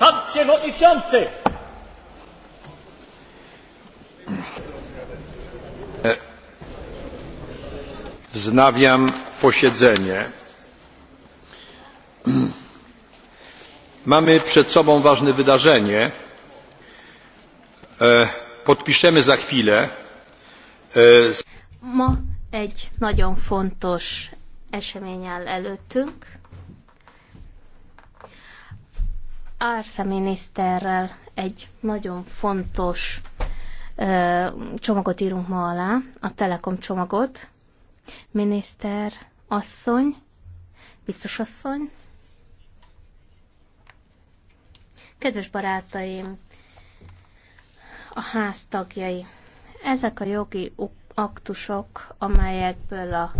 Pan Przewodniczący! E, wznawiam posiedzenie. Mamy przed sobą ważne wydarzenie. E, podpiszemy za chwilę. E, Ma egy nagyon fontos eseményel előttünk. Ársza miniszterrel egy nagyon fontos ö, csomagot írunk ma alá, a Telekom csomagot. Miniszter asszony, biztos asszony. Kedves barátaim, a háztagjai, ezek a jogi aktusok, amelyekből a